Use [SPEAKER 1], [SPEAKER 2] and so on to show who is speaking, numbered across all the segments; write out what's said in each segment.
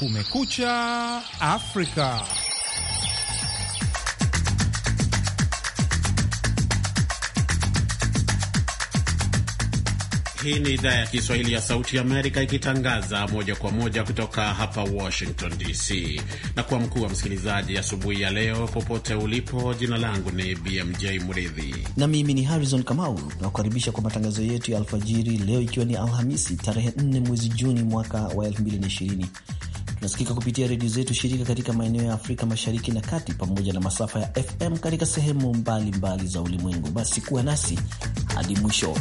[SPEAKER 1] Kumekucha Afrika. Hii ni idhaa ya Kiswahili ya Sauti Amerika ikitangaza moja kwa moja kutoka hapa Washington DC. Na kwa mkuu wa msikilizaji, asubuhi ya, ya leo popote ulipo, jina langu ni BMJ Mridhi
[SPEAKER 2] na mimi ni Harrison Kamau. Nakukaribisha kwa matangazo yetu ya alfajiri leo, ikiwa ni Alhamisi tarehe 4 mwezi Juni mwaka wa 2020 Tunasikika kupitia redio zetu shirika katika maeneo ya Afrika Mashariki na Kati, pamoja na masafa ya FM katika sehemu mbalimbali mbali za ulimwengu. Basi kuwa nasi hadi mwisho.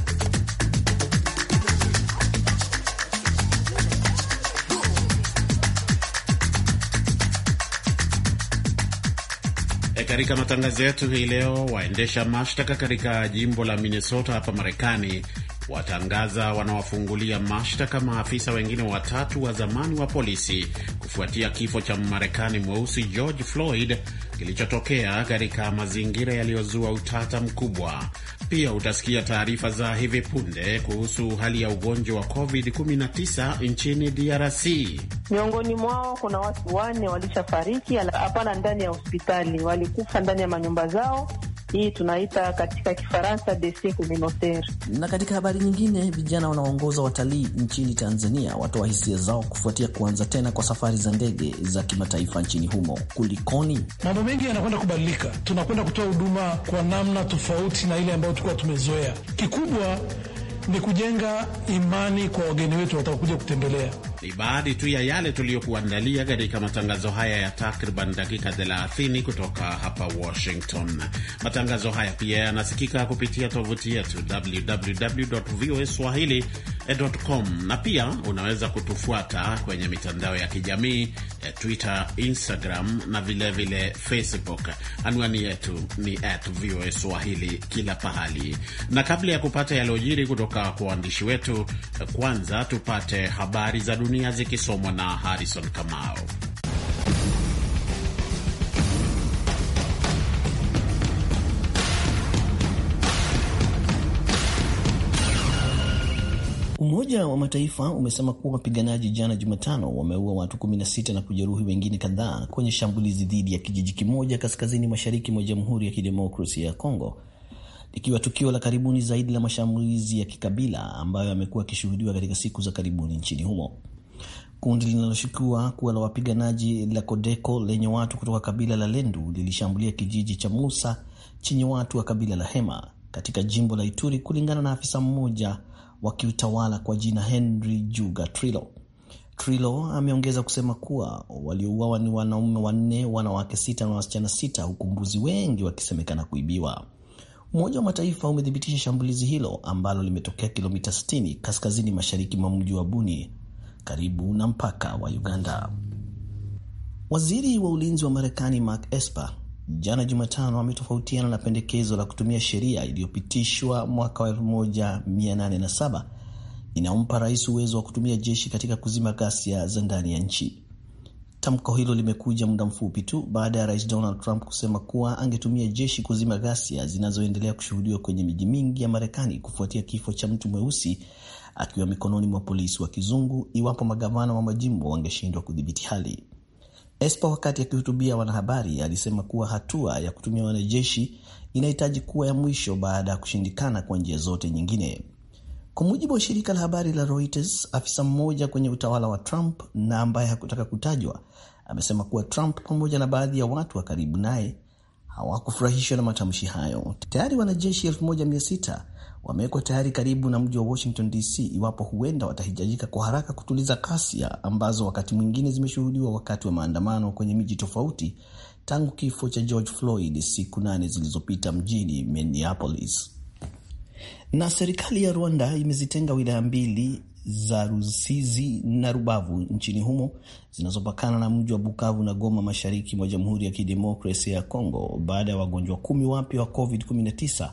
[SPEAKER 1] E, katika matangazo yetu hii leo, waendesha mashtaka katika jimbo la Minnesota hapa Marekani watangaza wanawafungulia mashtaka maafisa wengine watatu wa zamani wa polisi kufuatia kifo cha Mmarekani mweusi George Floyd kilichotokea katika mazingira yaliyozua utata mkubwa. Pia utasikia taarifa za hivi punde kuhusu hali ya ugonjwa wa COVID-19 nchini DRC.
[SPEAKER 3] Miongoni mwao
[SPEAKER 4] kuna watu wanne walishafariki, hapana, ndani ya hospitali, walikufa ndani ya manyumba zao
[SPEAKER 2] hii tunaita katika Kifaransa dossier communautaire. Na katika habari nyingine, vijana wanaoongoza watalii nchini Tanzania watoa hisia zao kufuatia kuanza tena kwa safari za ndege za kimataifa nchini humo. Kulikoni?
[SPEAKER 1] Mambo mengi yanakwenda kubadilika, tunakwenda kutoa huduma kwa namna tofauti na ile ambayo tulikuwa tumezoea. Kikubwa ni kujenga imani kwa wageni wetu watakuja kutembelea ni baadhi tu ya yale tuliyokuandalia katika matangazo haya ya takriban dakika 30 kutoka hapa Washington. Matangazo haya pia yanasikika kupitia tovuti yetu www voa swahili.com, na pia unaweza kutufuata kwenye mitandao ya kijamii eh, Twitter, Instagram na vilevile vile Facebook. Anwani yetu ni at voa swahili kila pahali. Na kabla ya kupata yaliyojiri kutoka kwa waandishi wetu, eh, kwanza tupate habari za dunia dunia zikisomwa na Harrison Kamau.
[SPEAKER 2] Umoja wa Mataifa umesema kuwa wapiganaji jana Jumatano wameua watu 16 na kujeruhi wengine kadhaa kwenye shambulizi dhidi ya kijiji kimoja kaskazini mashariki mwa Jamhuri ya Kidemokrasia ya Kongo, likiwa tukio la karibuni zaidi la mashambulizi ya kikabila ambayo yamekuwa yakishuhudiwa katika siku za karibuni nchini humo. Kundi linaloshukiwa kuwa la wapiganaji la kodeko lenye watu kutoka kabila la Lendu lilishambulia kijiji cha Musa chenye watu wa kabila la Hema katika jimbo la Ituri, kulingana na afisa mmoja wa kiutawala kwa jina Henry Juga Trilo. Trilo ameongeza kusema kuwa waliouawa ni wanaume wanne, wanawake sita na wasichana sita, huku mbuzi wengi wakisemekana kuibiwa. Umoja wa Mataifa umethibitisha shambulizi hilo ambalo limetokea kilomita 60 kaskazini mashariki mwa mji wa Buni karibu na mpaka wa Uganda. Waziri wa ulinzi wa Marekani Mark Esper jana Jumatano ametofautiana na pendekezo la kutumia sheria iliyopitishwa mwaka wa 1807 inayompa rais uwezo wa kutumia jeshi katika kuzima ghasia za ndani ya nchi. Tamko hilo limekuja muda mfupi tu baada ya rais Donald Trump kusema kuwa angetumia jeshi kuzima ghasia zinazoendelea kushuhudiwa kwenye miji mingi ya Marekani kufuatia kifo cha mtu mweusi akiwa mikononi mwa polisi wa kizungu iwapo magavana wa majimbo wangeshindwa kudhibiti hali. Espa, wakati akihutubia wanahabari alisema kuwa hatua ya kutumia wanajeshi inahitaji kuwa ya mwisho baada ya kushindikana kwa njia zote nyingine. Kwa mujibu wa shirika la habari la Reuters, afisa mmoja kwenye utawala wa Trump na ambaye hakutaka kutajwa amesema kuwa Trump pamoja na baadhi ya watu wa karibu naye hawakufurahishwa na matamshi hayo. Tayari wanajeshi wamewekwa tayari karibu na mji wa Washington DC iwapo huenda watahitajika kwa haraka kutuliza ghasia ambazo wakati mwingine zimeshuhudiwa wakati wa maandamano kwenye miji tofauti tangu kifo cha George Floyd siku nane zilizopita mjini Minneapolis. Na serikali ya Rwanda imezitenga wilaya mbili za Rusizi na Rubavu nchini humo zinazopakana na mji wa Bukavu na Goma mashariki mwa Jamhuri ya Kidemokrasia ya Kongo baada ya wagonjwa kumi wapya wa COVID-19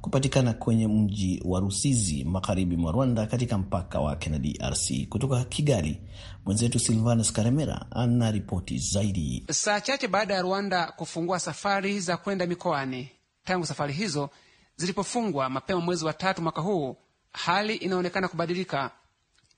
[SPEAKER 2] kupatikana kwenye mji wa Rusizi magharibi mwa Rwanda katika mpaka wake na DRC. Kutoka Kigali, mwenzetu Silvanus Karemera ana ripoti zaidi.
[SPEAKER 3] Saa chache baada ya Rwanda kufungua safari za kwenda mikoani, tangu safari hizo zilipofungwa mapema mwezi wa tatu mwaka huu, hali inaonekana kubadilika.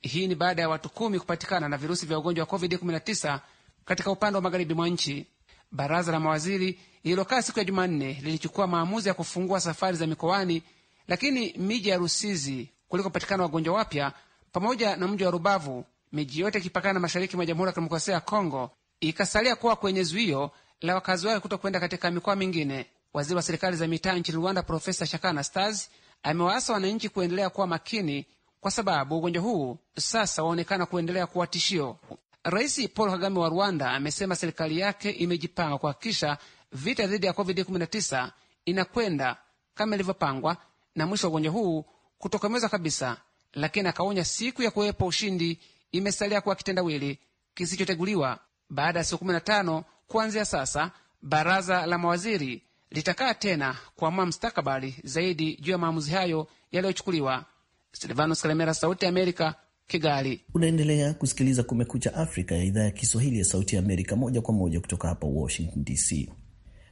[SPEAKER 3] Hii ni baada ya watu kumi kupatikana na virusi vya ugonjwa wa COVID-19 katika upande wa magharibi mwa nchi. Baraza la mawaziri lililokaa siku ya Jumanne lilichukua maamuzi ya kufungua safari za mikoani, lakini miji ya Rusizi kulikopatikana wagonjwa wapya pamoja na mji wa Rubavu, miji yote ikipakana na mashariki mwa Jamhuri ya Kidemokrasia ya Kongo, ikasalia kuwa kwenye zuio la wakazi wake kuto kwenda katika mikoa mingine. Waziri wa serikali za mitaa nchini Rwanda, Profesa Shakana Stars, amewaasa wananchi kuendelea kuwa makini kwa sababu ugonjwa huu sasa waonekana kuendelea kuwa tishio. Rais Paul Kagame wa Rwanda amesema serikali yake imejipanga kuhakikisha vita dhidi ya COVID-19 inakwenda kama ilivyopangwa na mwisho wa ugonjwa huu kutokomezwa kabisa, lakini akaonya siku ya kuwepo ushindi imesalia kuwa kitendawili kisichoteguliwa. Baada ya siku 15 kuanzia sasa, baraza la mawaziri litakaa tena kuamua mstakabali zaidi juu ya maamuzi hayo yaliyochukuliwa. Silvanus Kalemera, Sauti Amerika, Kigali.
[SPEAKER 2] Unaendelea kusikiliza Kumekucha Afrika ya idhaa ya Kiswahili ya Sauti Amerika, moja kwa moja kutoka hapa Washington DC.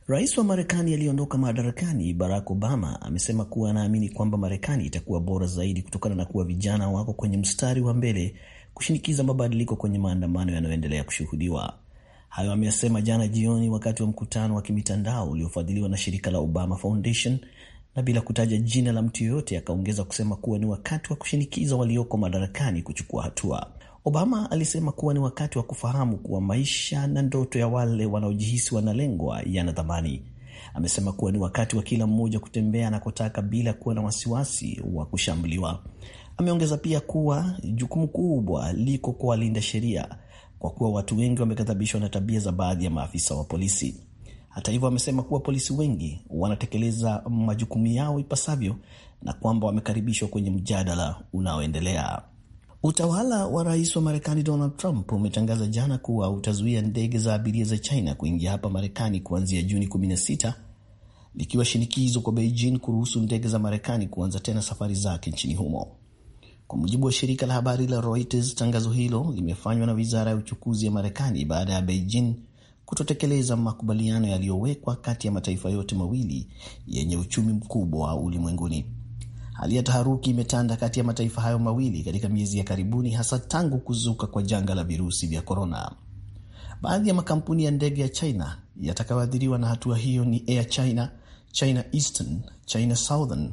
[SPEAKER 2] Rais wa Marekani aliyeondoka madarakani Barack Obama amesema kuwa anaamini kwamba Marekani itakuwa bora zaidi kutokana na kuwa vijana wako kwenye mstari wa mbele kushinikiza mabadiliko kwenye maandamano yanayoendelea kushuhudiwa. Hayo ameyasema jana jioni wakati wa mkutano wa kimitandao uliofadhiliwa na shirika la Obama Foundation na bila kutaja jina la mtu yoyote, akaongeza kusema kuwa ni wakati wa kushinikiza walioko madarakani kuchukua hatua. Obama alisema kuwa ni wakati wa kufahamu kuwa maisha na ndoto ya wale wanaojihisi wanalengwa yana thamani. Amesema kuwa ni wakati wa kila mmoja kutembea anakotaka bila kuwa na wasiwasi wa kushambuliwa. Ameongeza pia kuwa jukumu kubwa liko kwa walinda sheria, kwa kuwa watu wengi wameghadhabishwa na tabia za baadhi ya maafisa wa polisi. Hata hivyo, amesema kuwa polisi wengi wanatekeleza majukumu yao ipasavyo na kwamba wamekaribishwa kwenye mjadala unaoendelea. Utawala wa rais wa Marekani Donald Trump umetangaza jana kuwa utazuia ndege za abiria za China kuingia hapa Marekani kuanzia Juni 16 likiwa shinikizo kwa Beijing kuruhusu ndege za Marekani kuanza tena safari zake nchini humo. Kwa mujibu wa shirika la habari la Reuters, tangazo hilo limefanywa na wizara ya uchukuzi ya Marekani baada ya Beijing kutotekeleza makubaliano yaliyowekwa kati ya mataifa yote mawili yenye uchumi mkubwa ulimwenguni. Hali ya taharuki imetanda kati ya mataifa hayo mawili katika miezi ya karibuni, hasa tangu kuzuka kwa janga la virusi vya korona. Baadhi ya makampuni ya ndege ya China yatakayoathiriwa na hatua hiyo ni Air China, China Eastern, China Southern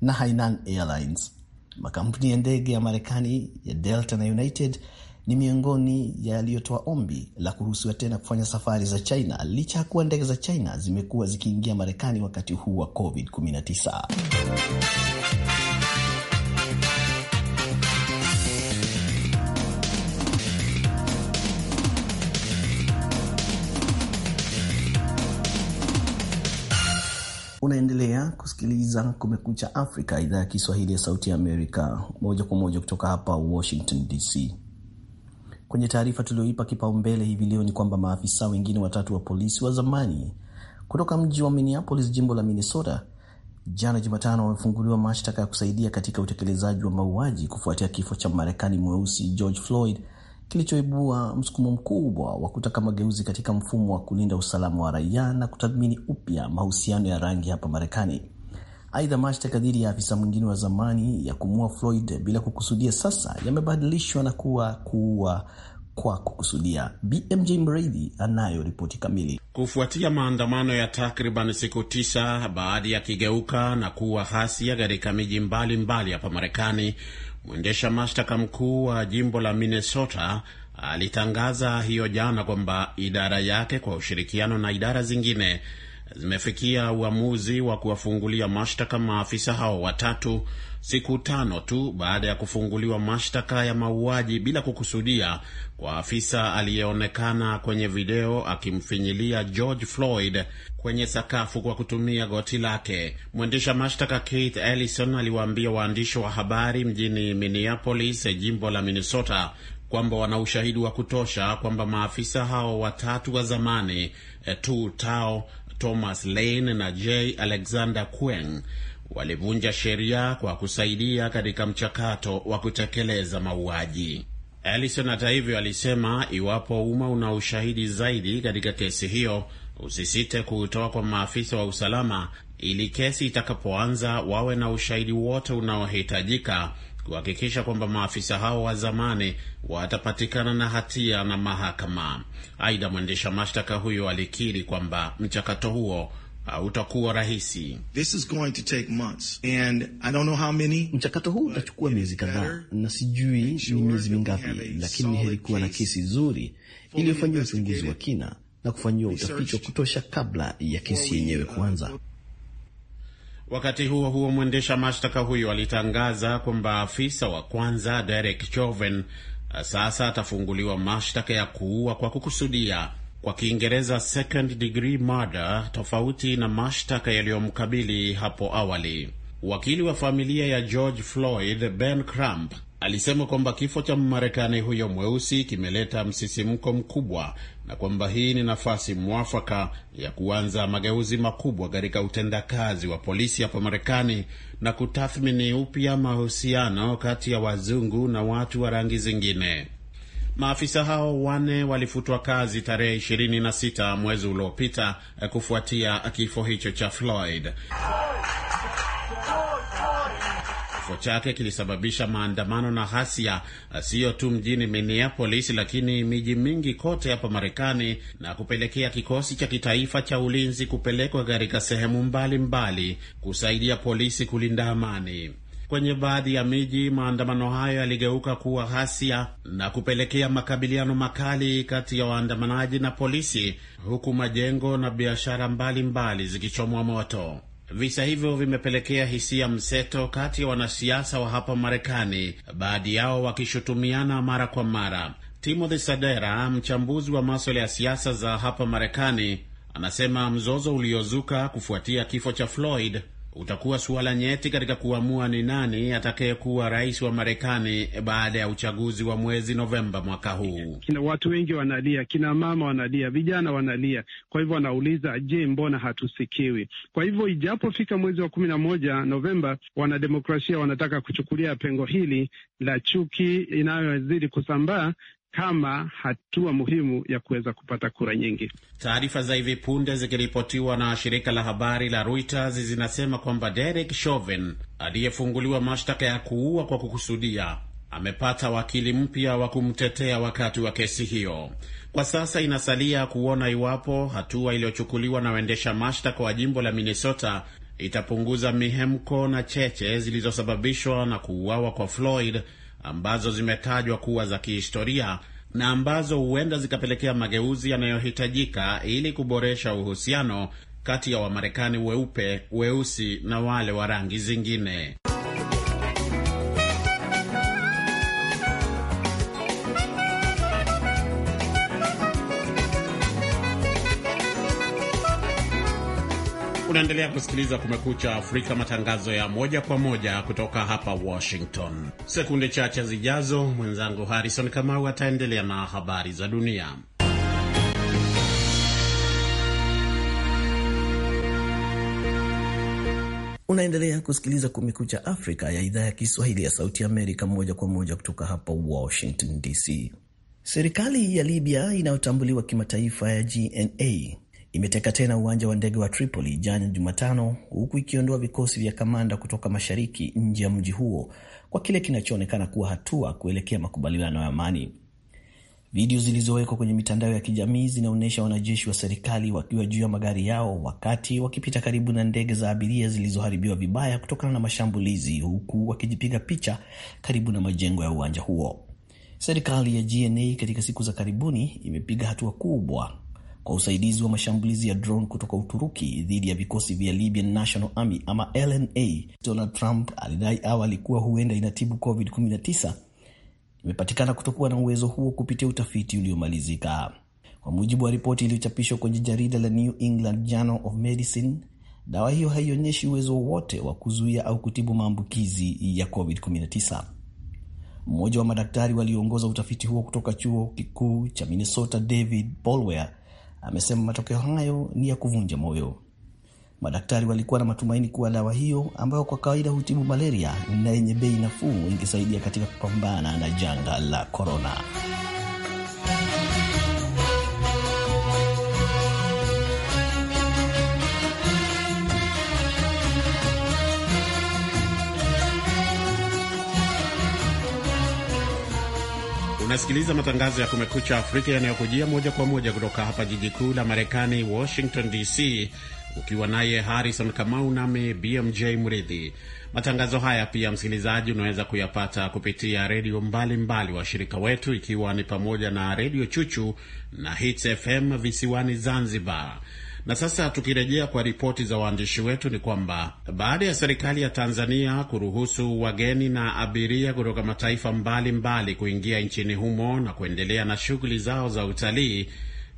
[SPEAKER 2] na Hainan Airlines. Makampuni ya ndege ya Marekani ya Delta na United ni miongoni yaliyotoa ombi la kuruhusiwa tena kufanya safari za China licha ya kuwa ndege za China zimekuwa zikiingia Marekani wakati huu wa COVID-19. Unaendelea kusikiliza Kumekucha Afrika, idhaa ya Kiswahili ya Sauti ya Amerika, moja kwa moja kutoka hapa Washington DC. Kwenye taarifa tulioipa kipaumbele hivi leo ni kwamba maafisa wengine watatu wa polisi wa zamani kutoka mji wa Minneapolis, jimbo la Minnesota, jana Jumatano wamefunguliwa mashtaka ya kusaidia katika utekelezaji wa mauaji kufuatia kifo cha Marekani mweusi George Floyd kilichoibua msukumo mkubwa wa kutaka mageuzi katika mfumo wa kulinda usalama wa raia na kutathmini upya mahusiano ya rangi hapa Marekani. Aidha, mashtaka dhidi ya afisa mwingine wa zamani ya kumua Floyd bila kukusudia sasa yamebadilishwa na kuwa kuua kwa kukusudia. BMJ Mreithi anayo ripoti kamili.
[SPEAKER 1] Kufuatia maandamano ya takriban siku tisa, baadhi yakigeuka na kuwa ghasia katika miji mbalimbali hapa Marekani, mwendesha mashtaka mkuu wa jimbo la Minnesota alitangaza hiyo jana kwamba idara yake kwa ushirikiano na idara zingine zimefikia uamuzi wa kuwafungulia mashtaka maafisa hao watatu siku tano tu baada ya kufunguliwa mashtaka ya mauaji bila kukusudia kwa afisa aliyeonekana kwenye video akimfinyilia George Floyd kwenye sakafu kwa kutumia goti lake. Mwendesha mashtaka Keith Ellison aliwaambia waandishi wa habari mjini Minneapolis, jimbo la Minnesota, kwamba wana ushahidi wa kutosha kwamba maafisa hao watatu wa zamani eh, tu tao Thomas Lane na J Alexander Queng walivunja sheria kwa kusaidia katika mchakato wa kutekeleza mauaji. Ellison hata hivyo alisema iwapo umma una ushahidi zaidi katika kesi hiyo usisite kuutoa kwa maafisa wa usalama ili kesi itakapoanza wawe na ushahidi wote unaohitajika kuhakikisha kwamba maafisa hao wa zamani watapatikana na hatia na mahakama. Aidha, mwendesha mashtaka huyo alikiri kwamba mchakato huo hautakuwa rahisi.
[SPEAKER 2] Mchakato huu utachukua miezi kadhaa, na sijui ni miezi mingapi, lakini ni heri kuwa na kesi nzuri iliyofanyiwa uchunguzi wa kina na kufanyiwa utafiti wa kutosha kabla ya kesi yenyewe uh, kuanza.
[SPEAKER 1] Wakati huo huo, mwendesha mashtaka huyo alitangaza kwamba afisa wa kwanza Derek Chauvin sasa atafunguliwa mashtaka ya kuua kwa kukusudia, kwa Kiingereza second degree murder, tofauti na mashtaka yaliyomkabili hapo awali. Wakili wa familia ya George Floyd Ben Crump alisema kwamba kifo cha Mmarekani huyo mweusi kimeleta msisimko mkubwa na kwamba hii ni nafasi mwafaka ya kuanza mageuzi makubwa katika utendakazi wa polisi hapa Marekani na kutathmini upya mahusiano kati ya wazungu na watu wa rangi zingine. Maafisa hao wanne walifutwa kazi tarehe 26 mwezi uliopita kufuatia kifo hicho cha Floyd. Kifo chake kilisababisha maandamano na ghasia eh, siyo tu mjini Minneapolis, lakini miji mingi kote hapa Marekani na kupelekea kikosi cha kitaifa cha ulinzi kupelekwa katika sehemu mbalimbali mbali, kusaidia polisi kulinda amani. Kwenye baadhi ya miji maandamano hayo yaligeuka kuwa ghasia na kupelekea makabiliano makali kati ya waandamanaji na polisi, huku majengo na biashara mbalimbali zikichomwa moto. Visa hivyo vimepelekea hisia mseto kati ya wanasiasa wa hapa Marekani, baadhi yao wakishutumiana mara kwa mara. Timothy Sadera, mchambuzi wa maswala ya siasa za hapa Marekani, anasema mzozo uliozuka kufuatia kifo cha Floyd utakuwa suala nyeti katika kuamua ni nani atakayekuwa rais wa Marekani baada ya uchaguzi wa mwezi Novemba mwaka huu.
[SPEAKER 5] Kina watu wengi wanalia, kina mama wanalia, vijana wanalia. Kwa hivyo wanauliza, je, mbona hatusikiwi? Kwa hivyo ijapofika mwezi wa kumi na moja Novemba, wanademokrasia wanataka kuchukulia pengo hili la chuki
[SPEAKER 1] inayozidi
[SPEAKER 5] kusambaa kama hatua muhimu ya kuweza
[SPEAKER 1] kupata kura nyingi. Taarifa za hivi punde zikiripotiwa na shirika la habari la Reuters zinasema kwamba Derek Chauvin aliyefunguliwa mashtaka ya kuua kwa kukusudia amepata wakili mpya wa kumtetea wakati wa kesi hiyo. Kwa sasa inasalia kuona iwapo hatua iliyochukuliwa na waendesha mashtaka wa jimbo la Minnesota itapunguza mihemko na cheche zilizosababishwa na kuuawa kwa Floyd ambazo zimetajwa kuwa za kihistoria na ambazo huenda zikapelekea mageuzi yanayohitajika ili kuboresha uhusiano kati ya Wamarekani weupe, weusi na wale wa rangi zingine. Unaendelea kusikiliza Kumekucha Afrika, matangazo ya moja kwa moja kutoka hapa Washington. Sekunde chache zijazo, mwenzangu Harrison Kamau ataendelea na habari za dunia.
[SPEAKER 2] Unaendelea kusikiliza Kumekucha Afrika ya idhaa ya Kiswahili ya Sauti Amerika, moja kwa moja kutoka hapa Washington DC. Serikali ya Libya inayotambuliwa kimataifa ya GNA imeteka tena uwanja wa ndege wa Tripoli jana Jumatano, huku ikiondoa vikosi vya kamanda kutoka mashariki nje ya mji huo kwa kile kinachoonekana kuwa hatua kuelekea makubaliano ya amani. Video zilizowekwa kwenye mitandao ya kijamii zinaonyesha wanajeshi wa serikali wakiwa juu ya magari yao wakati wakipita karibu na ndege za abiria zilizoharibiwa vibaya kutokana na mashambulizi, huku wakijipiga picha karibu na majengo ya uwanja huo. Serikali ya GNA katika siku za karibuni imepiga hatua kubwa kwa usaidizi wa mashambulizi ya drone kutoka Uturuki dhidi ya vikosi vya Libyan National Army ama LNA. Donald Trump alidai awali kuwa huenda inatibu COVID-19, imepatikana kutokuwa na uwezo huo kupitia utafiti uliomalizika. Kwa mujibu wa ripoti iliyochapishwa kwenye jarida la New England Journal of Medicine, dawa hiyo haionyeshi uwezo wowote wa kuzuia au kutibu maambukizi ya COVID-19. Mmoja wa madaktari walioongoza utafiti huo kutoka chuo kikuu cha Minnesota, David Bolwer, amesema matokeo hayo ni ya kuvunja moyo. Madaktari walikuwa na matumaini kuwa dawa hiyo ambayo kwa kawaida hutibu malaria na yenye bei nafuu ingesaidia katika kupambana na janga la korona.
[SPEAKER 1] Unasikiliza matangazo ya Kumekucha Afrika yanayokujia moja kwa moja kutoka hapa jiji kuu la Marekani, Washington DC, ukiwa naye Harrison Kamau nami BMJ Mridhi. Matangazo haya pia, msikilizaji, unaweza kuyapata kupitia redio mbalimbali washirika wetu, ikiwa ni pamoja na Redio Chuchu na Hits FM visiwani Zanzibar, na sasa tukirejea kwa ripoti za waandishi wetu ni kwamba baada ya serikali ya Tanzania kuruhusu wageni na abiria kutoka mataifa mbalimbali mbali kuingia nchini humo na kuendelea na shughuli zao za utalii,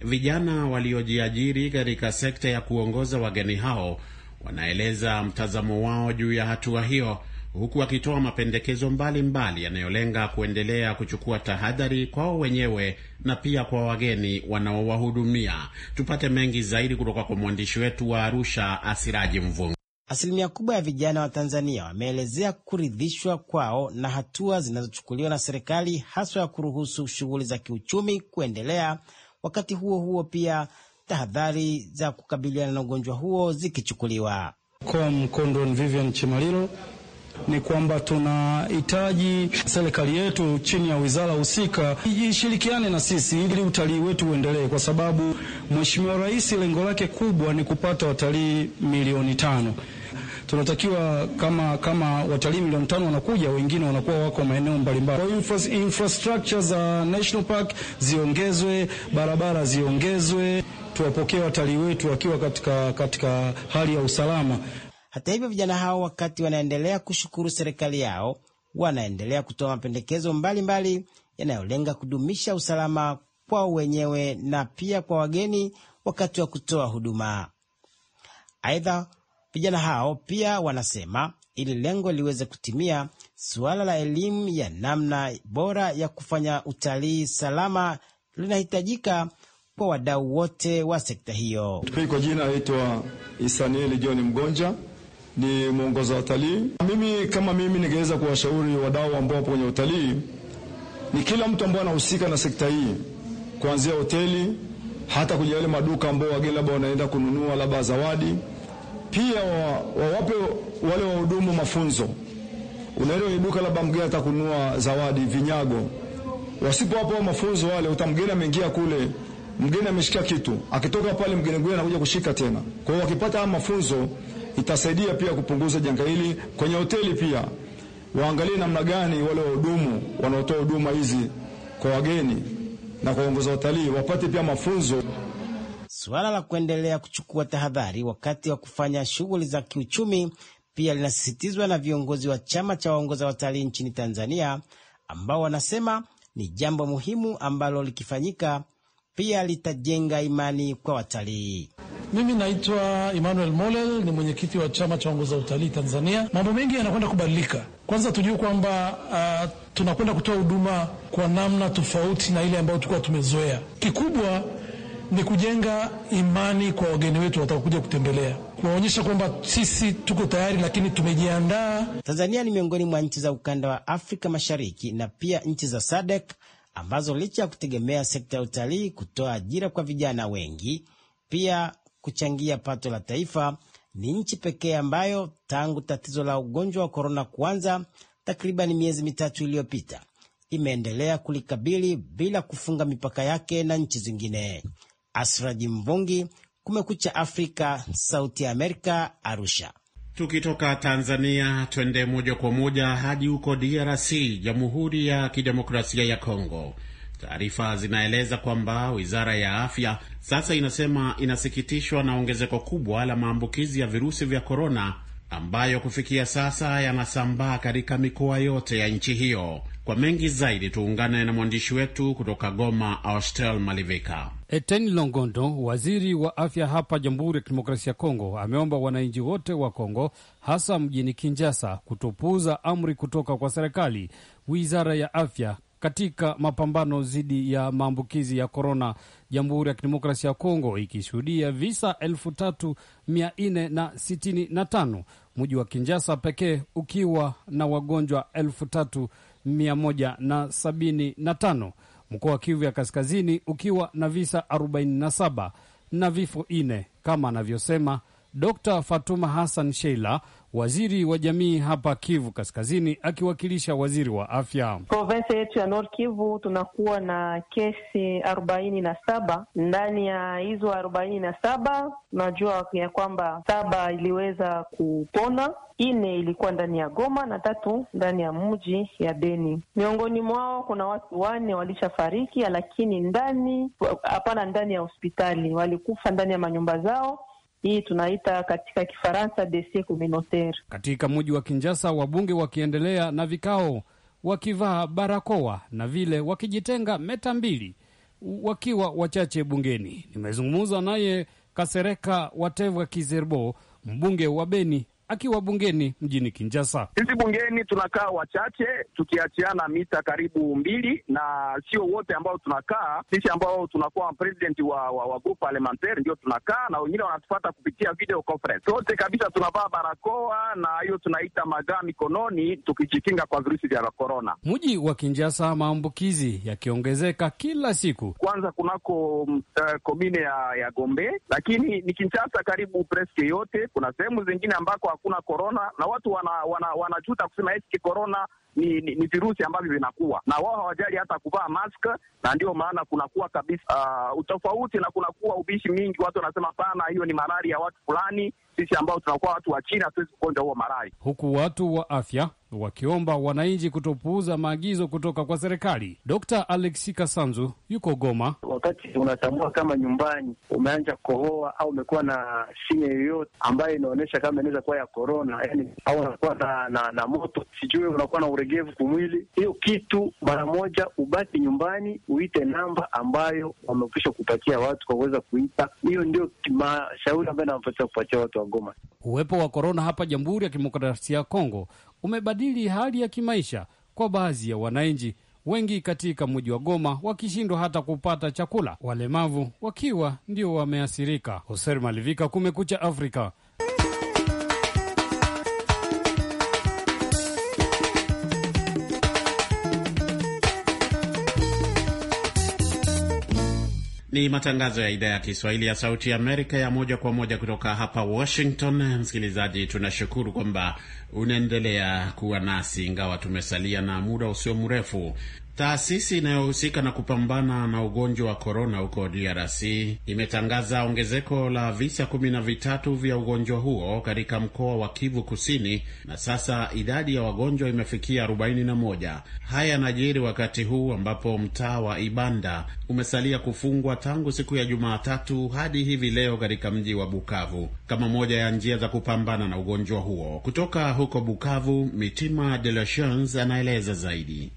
[SPEAKER 1] vijana waliojiajiri katika sekta ya kuongoza wageni hao wanaeleza mtazamo wao juu ya hatua hiyo huku akitoa mapendekezo mbalimbali yanayolenga kuendelea kuchukua tahadhari kwao wenyewe na pia kwa wageni wanaowahudumia. Tupate mengi zaidi kutoka kwa mwandishi wetu wa Arusha, Asiraji Mvungu.
[SPEAKER 6] Asilimia kubwa ya vijana wa Tanzania wameelezea kuridhishwa kwao na hatua zinazochukuliwa na serikali, haswa ya kuruhusu shughuli za kiuchumi kuendelea, wakati huo huo pia tahadhari za kukabiliana na ugonjwa huo zikichukuliwa.
[SPEAKER 5] mkondo ni Vivian Chimalilo ni kwamba tunahitaji serikali yetu chini ya wizara husika ishirikiane na sisi ili utalii wetu uendelee, kwa sababu Mheshimiwa Rais lengo lake kubwa ni kupata watalii milioni tano tunatakiwa kama kama watalii milioni tano wanakuja, wengine wanakuwa wako maeneo mbalimbali. Kwa infrastructure za national park ziongezwe, barabara
[SPEAKER 6] ziongezwe, tuwapokee watalii wetu wakiwa katika, katika hali ya usalama. Hata hivyo, vijana hao wakati wanaendelea kushukuru serikali yao, wanaendelea kutoa mapendekezo mbalimbali yanayolenga kudumisha usalama kwao wenyewe na pia kwa wageni wakati wa kutoa huduma. Aidha, vijana hao pia wanasema ili lengo liweze kutimia, suala la elimu ya namna bora ya kufanya utalii salama linahitajika kwa wadau wote wa sekta hiyo. Kwa jina naitwa Isanieli John Mgonja ni mwongoza watalii. Mimi kama mimi ningeweza kuwashauri wadau ambao wapo kwenye utalii,
[SPEAKER 5] ni kila mtu ambaye anahusika na sekta hii, kuanzia hoteli
[SPEAKER 2] hata kwenye yale maduka ambao wageni labda wanaenda kununua labda zawadi, pia wawape wa wale wahudumu mafunzo. Unaenda kwenye duka labda mgeni atakununua zawadi, vinyago, wasipowapa mafunzo wale, utamgeni ameingia kule mgeni ameshika kitu, akitoka pale mgeni mwingine anakuja kushika tena. Kwa hiyo wakipata haya mafunzo itasaidia
[SPEAKER 5] pia kupunguza janga hili. Kwenye hoteli pia waangalie namna gani wale wahudumu wanaotoa huduma
[SPEAKER 6] hizi kwa
[SPEAKER 5] wageni na kuwaongoza watalii wapate pia mafunzo.
[SPEAKER 6] Suala la kuendelea kuchukua tahadhari wakati wa kufanya shughuli za kiuchumi pia linasisitizwa na viongozi wa chama cha waongoza watalii nchini Tanzania, ambao wanasema ni jambo muhimu ambalo likifanyika pia litajenga imani kwa watalii. Mimi naitwa Emmanuel Molel, ni mwenyekiti wa chama cha ongoza utalii Tanzania. Mambo mengi yanakwenda kubadilika. Kwanza tujue kwamba uh, tunakwenda
[SPEAKER 5] kutoa huduma kwa namna tofauti na ile ambayo tulikuwa tumezoea. Kikubwa
[SPEAKER 6] ni kujenga imani kwa wageni wetu watakuja kutembelea, kuwaonyesha kwamba sisi tuko tayari, lakini tumejiandaa. Tanzania ni miongoni mwa nchi za ukanda wa Afrika Mashariki na pia nchi za SADC ambazo licha ya kutegemea sekta ya utalii kutoa ajira kwa vijana wengi, pia kuchangia pato la taifa, ni nchi pekee ambayo tangu tatizo la ugonjwa wa korona kuanza takriban miezi mitatu iliyopita imeendelea kulikabili bila kufunga mipaka yake na nchi zingine. Asraji Mvungi, Kumekucha Afrika, Sauti ya Amerika, Arusha.
[SPEAKER 1] Tukitoka Tanzania twende moja kwa moja hadi huko DRC, Jamhuri ya Kidemokrasia ya Kongo. Taarifa zinaeleza kwamba wizara ya afya sasa inasema inasikitishwa na ongezeko kubwa la maambukizi ya virusi vya korona ambayo kufikia sasa yanasambaa katika mikoa yote ya nchi hiyo. Kwa mengi zaidi, tuungane na mwandishi wetu kutoka Goma, Austel Malivika eteni
[SPEAKER 5] Longondo, waziri wa afya hapa Jamhuri ya Kidemokrasia ya Kongo, ameomba wananchi wote wa Kongo, hasa mjini kinjasa kutopuuza amri kutoka kwa serikali, wizara ya afya katika mapambano dhidi ya maambukizi ya korona. Jamhuri ya Kidemokrasia ya Kongo ikishuhudia visa 3465 muji mji wa kinjasa pekee ukiwa na wagonjwa 3175 mkoa wa Kivu ya Kaskazini ukiwa na visa 47 na vifo nne kama anavyosema Dr Fatuma Hassan Sheila, waziri wa jamii hapa Kivu Kaskazini, akiwakilisha waziri wa afya.
[SPEAKER 2] Provensi yetu ya Nord Kivu tunakuwa na kesi arobaini na saba. Ndani
[SPEAKER 6] ya hizo arobaini na
[SPEAKER 2] saba tunajua ya kwamba saba iliweza
[SPEAKER 6] kupona, ine ilikuwa ndani ya Goma na tatu ndani ya mji ya Beni. Miongoni mwao kuna watu wanne walishafariki, lakini ndani hapana, ndani ya
[SPEAKER 2] hospitali walikufa ndani ya manyumba zao hii tunaita katika Kifaransa dossier
[SPEAKER 5] communautaire. Katika mji wa Kinjasa, wabunge wakiendelea na vikao wakivaa barakoa na vile wakijitenga meta mbili wakiwa wachache bungeni. Nimezungumza naye Kasereka Watevwa Kizerbo, mbunge wa Beni akiwa bungeni mjini Kinjasa. Sisi bungeni tunakaa wachache, tukiachiana mita karibu mbili, na sio wote ambao tunakaa. Sisi ambao tunakuwa president wa, wa, wa group parlementaire ndio tunakaa, na wengine wanatupata kupitia video conference. Sote kabisa tunavaa barakoa, na hiyo tunaita magaa mikononi, tukijikinga kwa virusi vya korona. Mji wa Kinjasa maambukizi yakiongezeka kila siku,
[SPEAKER 2] kwanza kunako uh, mm, eh, komine ya, ya Gombe, lakini ni Kinjasa karibu preske yote. Kuna sehemu zingine ambako hakuna korona, na watu wanajuta wana, wana kusema eti korona ni, ni, ni virusi ambavyo vinakuwa na wao hawajali hata kuvaa mask, na ndio maana kunakuwa kabisa uh, utofauti na kunakuwa ubishi mingi. Watu wanasema pana, hiyo ni malaria ya watu fulani. Sisi ambao tunakuwa watu wa china hatuwezi
[SPEAKER 5] kugonjwa huo malaria, huku watu wa afya wakiomba wananchi kutopuuza maagizo kutoka kwa serikali. Dr. Alexi Kasanzu yuko Goma. Wakati unatambua kama nyumbani umeanja kohoa au umekuwa na shine yoyote ambayo inaonyesha kama inaweza kuwa ya korona, yani au unakuwa na, na, na moto sijui unakuwa na ure ulegevu kumwili, hiyo kitu mara moja ubaki nyumbani, uite namba ambayo wamekwisha kupatia watu kwa kuweza kuita. Hiyo ndio mashauri ambayo napatia kupatia watu wa Goma. Uwepo wa korona hapa Jamhuri ya Kidemokrasia ya Kongo umebadili hali ya kimaisha kwa baadhi ya wananchi wengi katika mji wa Goma wakishindwa hata kupata chakula, walemavu wakiwa ndio wameathirika. Hoser Malivika, Kumekucha Afrika.
[SPEAKER 1] Ni matangazo ya idhaa ya Kiswahili ya Sauti ya Amerika ya moja kwa moja kutoka hapa Washington. Msikilizaji, tunashukuru kwamba unaendelea kuwa nasi, ingawa tumesalia na muda usio mrefu Taasisi inayohusika na kupambana na ugonjwa wa korona huko DRC imetangaza ongezeko la visa kumi na vitatu vya ugonjwa huo katika mkoa wa Kivu Kusini, na sasa idadi ya wagonjwa imefikia 41. Haya yanajiri wakati huu ambapo mtaa wa Ibanda umesalia kufungwa tangu siku ya Jumatatu hadi hivi leo katika mji wa Bukavu kama moja ya njia za kupambana na ugonjwa huo. Kutoka huko Bukavu, Mitima De La anaeleza zaidi.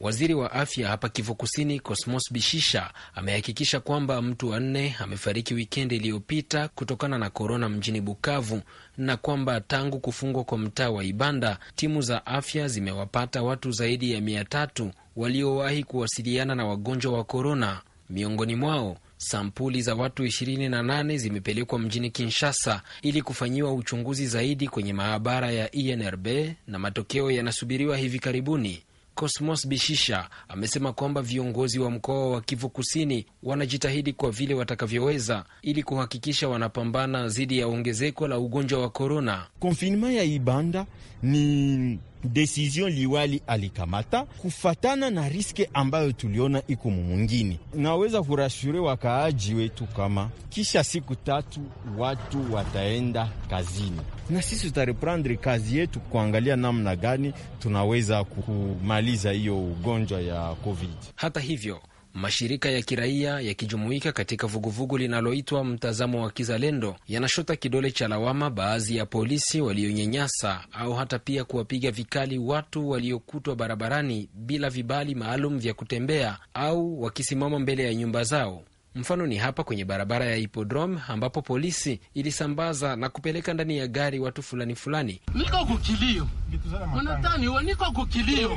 [SPEAKER 4] Waziri wa afya hapa Kivu Kusini, Cosmos Bishisha, amehakikisha kwamba mtu wanne amefariki wikendi iliyopita kutokana na korona mjini Bukavu, na kwamba tangu kufungwa kwa mtaa wa Ibanda, timu za afya zimewapata watu zaidi ya mia tatu waliowahi kuwasiliana na wagonjwa wa korona. Miongoni mwao sampuli za watu 28 zimepelekwa mjini Kinshasa ili kufanyiwa uchunguzi zaidi kwenye maabara ya INRB e na matokeo yanasubiriwa hivi karibuni. Cosmos Bishisha amesema kwamba viongozi wa mkoa wa Kivu Kusini wanajitahidi kwa vile watakavyoweza ili kuhakikisha wanapambana dhidi ya ongezeko la ugonjwa wa korona. Konfinma ya Ibanda ni desizion liwali alikamata kufatana na riske ambayo tuliona iko mumungini. Naweza kurashure wakaaji wetu kama kisha siku tatu watu wataenda kazini, na sisi tutareprendre kazi yetu, kuangalia namna gani tunaweza kumaliza hiyo ugonjwa ya COVID. Hata hivyo mashirika ya kiraia yakijumuika katika vuguvugu linaloitwa mtazamo wa kizalendo yanashota kidole cha lawama baadhi ya polisi walionyanyasa au hata pia kuwapiga vikali watu waliokutwa barabarani bila vibali maalum vya kutembea au wakisimama mbele ya nyumba zao. Mfano ni hapa kwenye barabara ya Hipodrome ambapo polisi ilisambaza na kupeleka ndani ya gari watu fulani fulani.
[SPEAKER 5] Niko kukilio niko kukilio.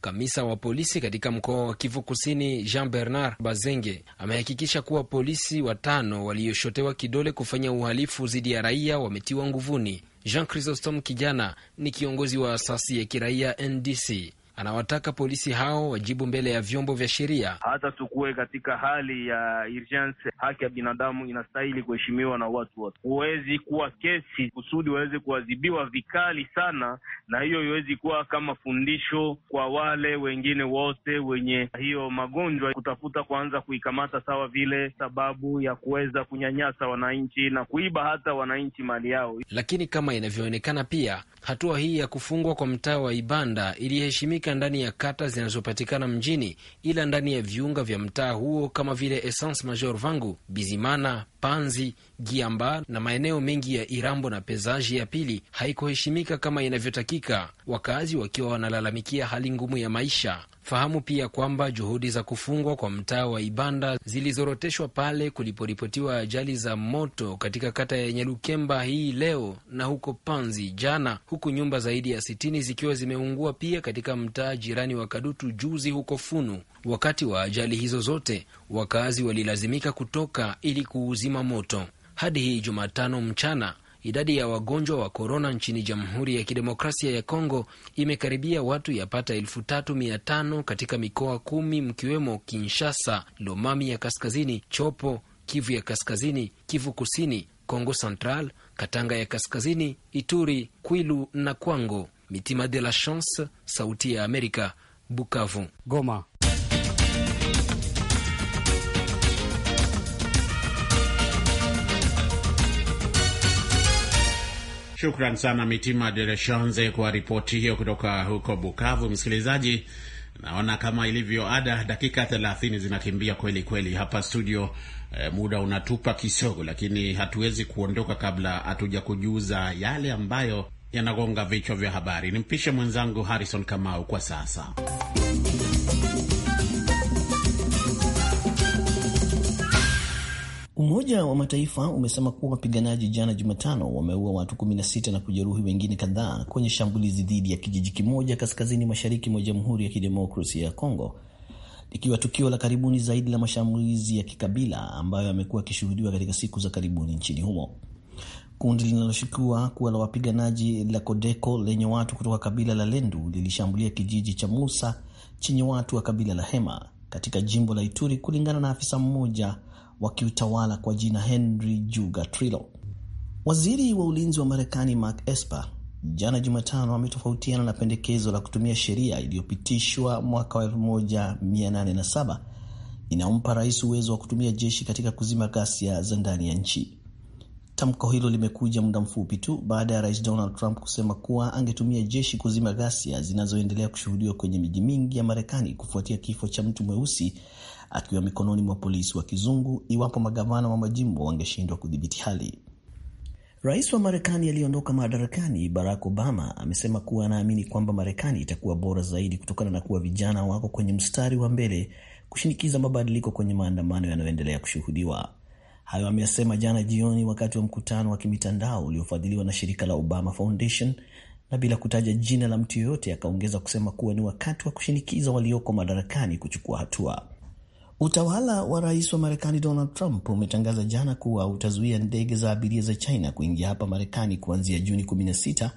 [SPEAKER 4] Kamisa wa polisi katika mkoa wa Kivu Kusini, Jean Bernard Bazenge, amehakikisha kuwa polisi watano walioshotewa kidole kufanya uhalifu dhidi ya raia wametiwa nguvuni. Jean Chrysostom Kijana ni kiongozi wa asasi ya kiraia NDC. Anawataka polisi hao wajibu mbele ya vyombo vya sheria. Hata tukuwe katika hali ya urgence, haki ya binadamu inastahili kuheshimiwa na watu wote. Huwezi kuwa kesi kusudi waweze kuadhibiwa vikali sana, na hiyo iwezi kuwa kama fundisho kwa wale wengine wote wenye hiyo magonjwa, kutafuta kuanza kuikamata sawa vile sababu ya kuweza kunyanyasa wananchi na kuiba hata wananchi mali yao. Lakini kama inavyoonekana, pia hatua hii ya kufungwa kwa mtaa wa Ibanda iliheshimika kufika ndani ya kata zinazopatikana mjini, ila ndani ya viunga vya mtaa huo kama vile Essence Major Vangu, Bizimana Panzi, Giamba na maeneo mengi ya Irambo na pezaji ya pili haikuheshimika kama inavyotakika, wakazi wakiwa wanalalamikia hali ngumu ya maisha. Fahamu pia kwamba juhudi za kufungwa kwa mtaa wa Ibanda zilizoroteshwa pale kuliporipotiwa ajali za moto katika kata ya Nyelukemba hii leo na huko Panzi jana, huku nyumba zaidi ya sitini zikiwa zimeungua pia katika mtaa jirani wa Kadutu juzi huko Funu. Wakati wa ajali hizo zote, wakazi walilazimika kutoka ili kuuzima moto. Hadi hii Jumatano mchana idadi ya wagonjwa wa korona nchini Jamhuri ya Kidemokrasia ya Kongo imekaribia watu yapata elfu tatu mia tano katika mikoa kumi mkiwemo Kinshasa, Lomami ya Kaskazini, Chopo, Kivu ya Kaskazini, Kivu Kusini, Kongo Central, Katanga ya Kaskazini, Ituri, Kwilu na Kwango. Mitima de la Chance, Sauti ya Amerika, Bukavu. Goma.
[SPEAKER 1] Shukran sana Mitima De kwa ripoti hiyo kutoka huko Bukavu. Msikilizaji, naona kama ilivyo ada, dakika thelathini zinakimbia kweli kweli hapa studio. E, muda unatupa kisogo, lakini hatuwezi kuondoka kabla hatuja kujuza yale ambayo yanagonga vichwa vya habari. Nimpishe mwenzangu Harrison Kamau kwa sasa.
[SPEAKER 2] Umoja wa Mataifa umesema kuwa wapiganaji jana Jumatano wameua watu 16 na kujeruhi wengine kadhaa kwenye shambulizi dhidi ya kijiji kimoja kaskazini mashariki mwa Jamhuri ya Kidemokrasia ya Kongo, likiwa tukio la karibuni zaidi la mashambulizi ya kikabila ambayo yamekuwa yakishuhudiwa katika siku za karibuni nchini humo. Kundi linaloshukiwa kuwa la wapiganaji la Kodeko lenye watu kutoka kabila la Lendu lilishambulia kijiji cha Musa chenye watu wa kabila la Hema katika jimbo la Ituri, kulingana na afisa mmoja wakiutawala kwa jina Henry Juga trilo Waziri wa ulinzi wa Marekani Mark Esper jana Jumatano ametofautiana na pendekezo la kutumia sheria iliyopitishwa mwaka wa 1807 inayompa rais uwezo wa kutumia jeshi katika kuzima ghasia za ndani ya nchi. Tamko hilo limekuja muda mfupi tu baada ya rais Donald Trump kusema kuwa angetumia jeshi kuzima ghasia zinazoendelea kushuhudiwa kwenye miji mingi ya Marekani kufuatia kifo cha mtu mweusi akiwa mikononi mwa polisi wa kizungu iwapo magavana wa majimbo wangeshindwa kudhibiti hali. Rais wa Marekani aliyeondoka madarakani Barack Obama amesema kuwa anaamini kwamba Marekani itakuwa bora zaidi kutokana na kuwa vijana wako kwenye mstari wa mbele kushinikiza mabadiliko kwenye maandamano yanayoendelea kushuhudiwa. Hayo ameyasema jana jioni wakati wa mkutano wa kimitandao uliofadhiliwa na shirika la Obama Foundation, na bila kutaja jina la mtu yoyote, akaongeza kusema kuwa ni wakati wa kushinikiza walioko madarakani kuchukua hatua. Utawala wa rais wa Marekani Donald Trump umetangaza jana kuwa utazuia ndege za abiria za China kuingia hapa Marekani kuanzia Juni 16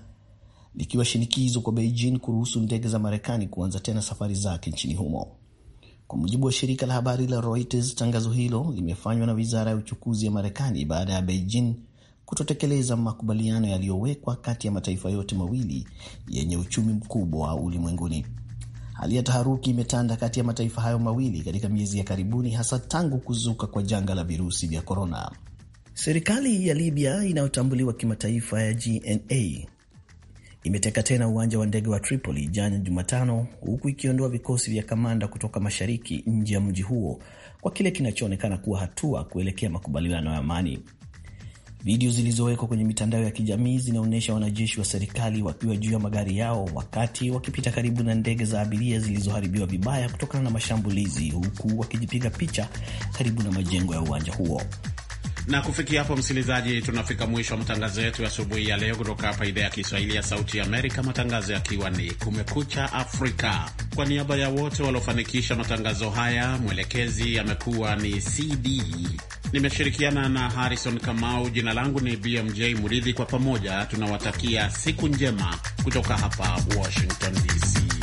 [SPEAKER 2] likiwa shinikizo kwa Beijing kuruhusu ndege za Marekani kuanza tena safari zake nchini humo. Kwa mujibu wa shirika la habari la Reuters, tangazo hilo limefanywa na wizara ya uchukuzi ya Marekani baada ya Beijing kutotekeleza makubaliano yaliyowekwa kati ya mataifa yote mawili yenye uchumi mkubwa ulimwenguni. Hali ya taharuki imetanda kati ya mataifa hayo mawili katika miezi ya karibuni, hasa tangu kuzuka kwa janga la virusi vya korona. Serikali ya Libya inayotambuliwa kimataifa ya GNA imeteka tena uwanja wa ndege wa Tripoli jana Jumatano, huku ikiondoa vikosi vya kamanda kutoka mashariki nje ya mji huo kwa kile kinachoonekana kuwa hatua kuelekea makubaliano ya amani. Video zilizowekwa kwenye mitandao ya kijamii zinaonyesha wanajeshi wa serikali wakiwa juu ya magari yao wakati wakipita karibu na ndege za abiria zilizoharibiwa vibaya kutokana na mashambulizi, huku wakijipiga picha karibu na majengo ya uwanja huo.
[SPEAKER 1] Na kufikia hapo, msikilizaji, tunafika mwisho wa matangazo yetu asubuhi ya leo kutoka hapa idhaa ya Kiswahili ya Sauti ya Amerika, matangazo yakiwa ni Kumekucha Afrika. Kwa niaba ya wote waliofanikisha matangazo haya, mwelekezi amekuwa ni CD, nimeshirikiana na Harrison Kamau. Jina langu ni BMJ Muridhi. Kwa pamoja tunawatakia siku njema kutoka hapa Washington DC.